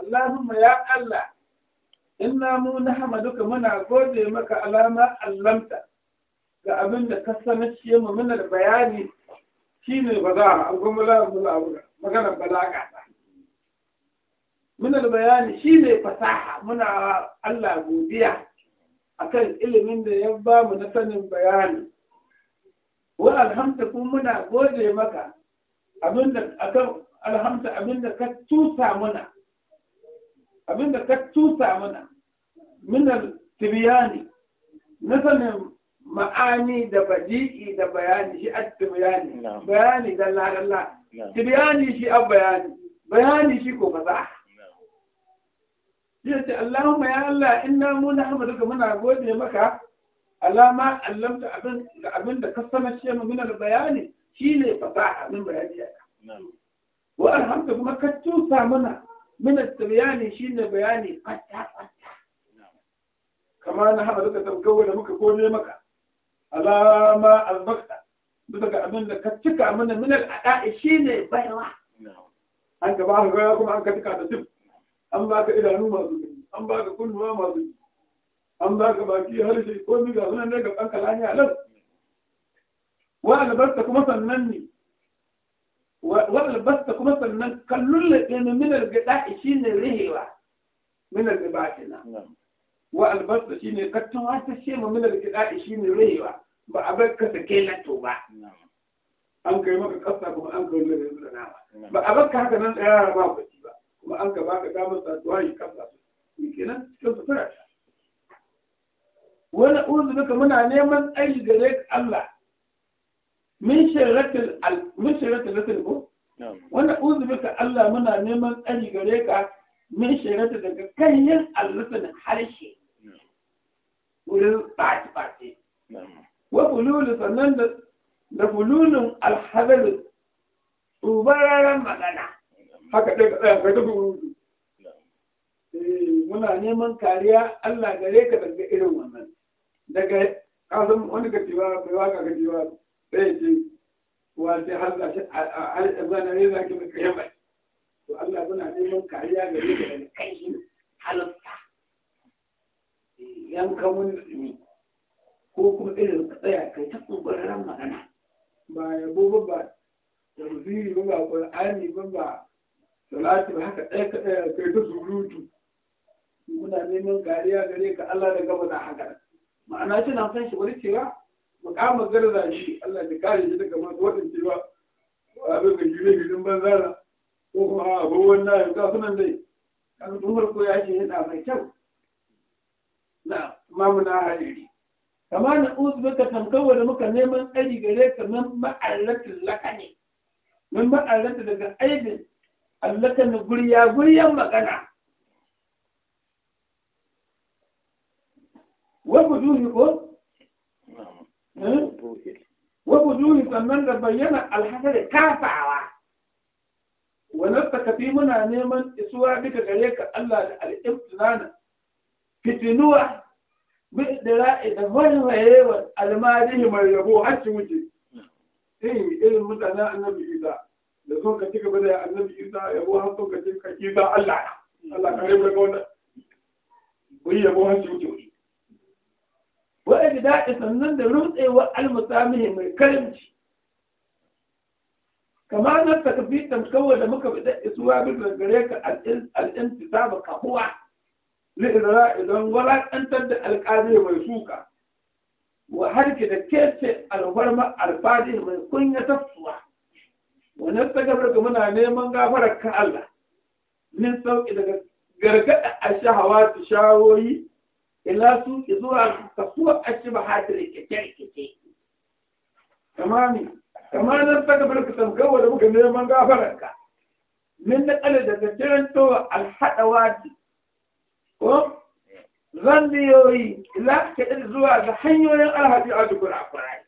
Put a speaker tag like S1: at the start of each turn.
S1: Allahumma ya Allah, inna mu na hamaduka muna gode maka alama allamta ga abin da ka sanar shi mu muna da shi ne ba za a gwamnala mula maganar balaga ta. Muna da bayani shi ne fasaha muna Allah godiya kan ilimin da ya bamu mu na sanin bayani. Wa alhamta kuma muna gode maka abin da akan alhamta abinda ka tusa mana abinda ka tusa mana minar tibiyani na sanin ma'ani da badi'i da bayani shi a tibiyani bayani da lalala tibiyani shi a bayani bayani shi ko fasaha zai ce Allahumma ya Allah inna muna na daga muna gode maka alama allamta abin da ka sanar shi mu minar bayani shine fasaha min bayani ya wa alhamdu kuma ka cusa mana min bayani shine bayani kwata kwata Kamar na haɓa duka tabgawa da muka kone maka alama albakta bisa ga abin da ka cika mana min al'ada'i shine baiwa an gaba an gaya kuma an ka cika da sim an ba ka idanu masu an ba ka kunnuwa masu an ba ka baki harshe ko mi ga sunan ne ga kanka a nan? wa albarka kuma sannan ne wal basta kuma sannan ka lullube ni min al-gida'i shine rihewa min al-gibatina wa albasta shine ka tunata shi mu min al-gida'i shine rihewa ba a bar ka sake lato ba an kai maka kasa kuma an kai lullube da nama ba a bar ka haka nan tsaya ba ku ba kuma an ka baka damar saduwa yi kasa shi kenan cikin sutura ta wani uzu duka muna neman aiki gare Allah min shirratin min shirratin latin ko wannan ka Allah muna neman tsari gare ka min shirata daga ganyen allusan harshe wurin fati-fati. wa fululu sannan da fululun alhazarin tsubararen magana haka ɗaya ɗaya ka tafi wuri eh, muna neman kariya Allah gare ka daga irin wannan daga kasan wani ka ciwa bai waka ka sai ce wanda har zana ne zaki mai kayan bai to Allah muna neman kariya gare ka da kai halatta yanka mun ne ko kuma irin ka tsaya kai ta tsobararren magana ba yabo ba ba tafsiri ba ba qur'ani ba ba salatu ba haka ɗaya kaɗaya kai ta surutu muna neman kariya gare ka Allah da daga wani haka ma'ana tana san shi wani cewa mu mukamar garza shi Allah ya kare shi daga masu waɗanda abin da gine gidin banzara kan ya ce yana mai kyau na kama na uzu tamkawa da muka neman tsari gare ka nan ma'allatin lakani nan ma'allatin daga aibin allakan guriya guriyan magana wa bujuhi ko hmm? sannan da bayyana alhasari kafawa wannan takafi muna neman isuwa duka gare ka Allah da al’imtunana fitinuwa bi ra’i da waiwayewar almarihi mai yabo har ci wuce irin eh, irin mutanen annabi isa da zo ka cika gaba annabi isa yabo har sun ka cika isa Allah Allah ka rabu daga wannan ku yabo har wuce wuce wa'ida da sannan da rutsewa almusamihi mai karimci kamar na takfitan kawai da muka bi isuwa bi gare ka al-intisaba kahuwa li'ira idan walakantar da alƙali mai suka wa harki da kece alfarma alfadi mai kunya tafsuwa wannan tagabar ga muna neman gafarar ka Allah min sauki daga gargada a shahawa ta shawoyi ila su zuwa kasuwa a shi ba hatir kike kike kamani kama nan saka barka wa da muka neman gafararka min na da daga cikin towa alhaɗawati ko zan biyoyi ka ɗin zuwa ga hanyoyin alhaji a dukkan akwai